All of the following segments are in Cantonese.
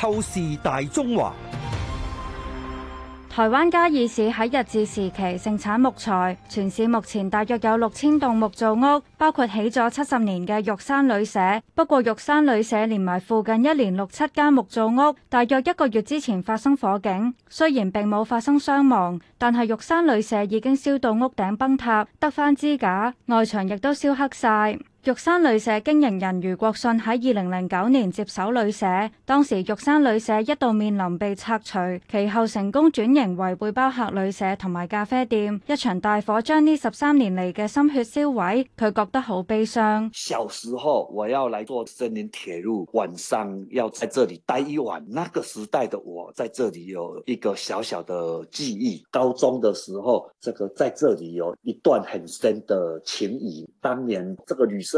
透視大中華，台灣嘉義市喺日治時期盛產木材，全市目前大約有六千棟木造屋，包括起咗七十年嘅玉山旅社。不過玉山旅社連埋附近一連六七間木造屋，大約一個月之前發生火警，雖然並冇發生傷亡，但係玉山旅社已經燒到屋頂崩塌，得翻支架，外牆亦都燒黑晒。玉山旅社經營人余國信喺二零零九年接手旅社，當時玉山旅社一度面臨被拆除，其後成功轉型為背包客旅社同埋咖啡店。一場大火將呢十三年嚟嘅心血燒毀，佢覺得好悲傷。小時候我要來坐森林鐵路，晚上要在這裏待一晚。那個時代的我在這裏有一個小小的記憶。高中的時候，這個在這裏有一段很深的情誼。當年這個旅社，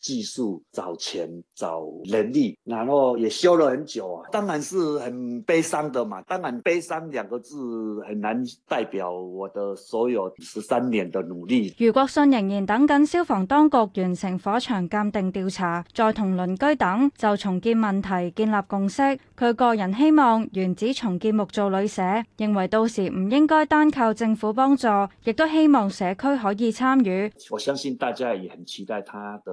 技術找錢找能力，然後也修了很久啊，當然是很悲傷的嘛。當然悲傷兩個字很難代表我的所有十三年的努力。余國信仍然等緊消防當局完成火場鑑定調查，再同鄰居等就重建問題建立共識。佢個人希望原址重建木造旅社，認為到時唔應該單靠政府幫助，亦都希望社區可以參與。我相信大家也很期待他的。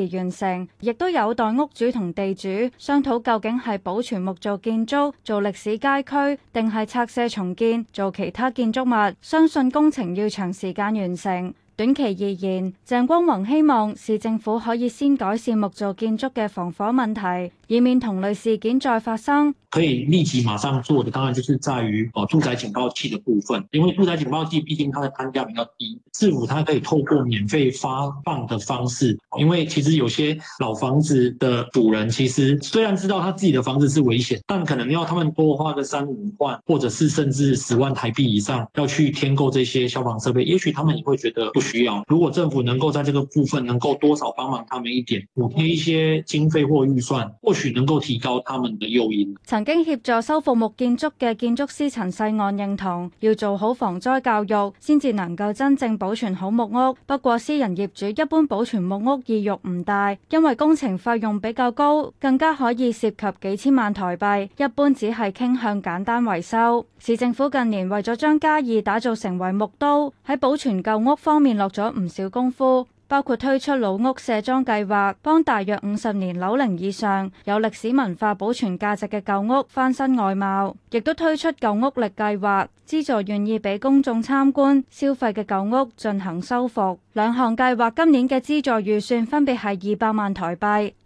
完成，亦都有待屋主同地主商討，究竟係保存木造建築做歷史街區，定係拆卸重建做其他建築物。相信工程要長時間完成。短期而言，鄭光宏希望市政府可以先改善木造建築嘅防火問題，以免同類事件再發生。可以立即馬上做的，當然就是在於哦住宅警報器的部分，因為住宅警報器畢竟它的單價比較低，政府它可以透過免費發放的方式，因為其實有些老房子的主人其實雖然知道他自己的房子是危險，但可能要他們多花個三五萬，或者是甚至十萬台幣以上，要去添購這些消防設備，也許他們也會覺得不需要。如果政府能夠在這個部分能夠多少幫忙他們一點，補貼一些經費或預算，或許能夠提高他們的誘因。曾經協助修復木建築嘅建築師陳世岸認同，要做好防災教育，先至能夠真正保存好木屋。不過私人業主一般保存木屋意欲唔大，因為工程費用比較高，更加可以涉及幾千萬台幣，一般只係傾向簡單維修。市政府近年為咗將嘉義打造成為木都，喺保存舊屋方面，落咗唔少功夫，包括推出老屋卸妝計劃，幫大約五十年樓齡以上有歷史文化保存價值嘅舊屋翻新外貌，亦都推出舊屋力計劃，資助願意俾公衆參觀消費嘅舊屋進行修復。兩項計劃今年嘅資助預算分別係二百萬台幣。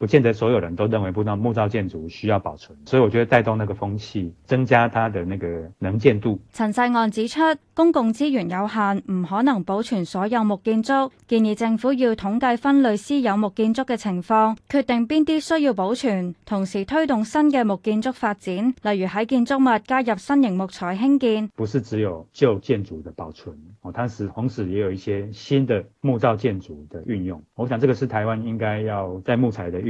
不見得所有人都認為，不知道木造建築需要保存，所以我覺得帶動那個風氣，增加它的那個能見度。陳世岸指出，公共資源有限，唔可能保存所有木建築，建議政府要統計分類私有木建築嘅情況，決定邊啲需要保存，同時推動新嘅木建築發展，例如喺建築物加入新型木材興建。不是只有舊建築的保存，我，當時同時也有一些新的木造建築的運用，我想這個是台灣應該要在木材的用。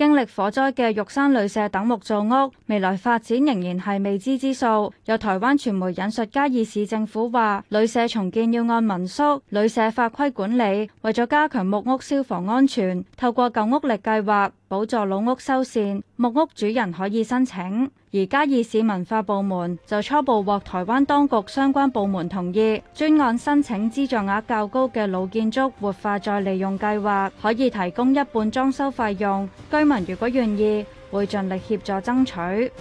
經歷火災嘅玉山旅社等木造屋，未來發展仍然係未知之數。有台灣傳媒引述嘉義市政府話，旅社重建要按民宿旅社法規管理，為咗加強木屋消防安全，透過舊屋力計劃補助老屋修繕，木屋主人可以申請。而嘉義市文化部門就初步獲台灣當局相關部門同意，專案申請資助額較高嘅老建築活化再利用計劃，可以提供一半裝修費用，居民如果願意，會盡力協助爭取。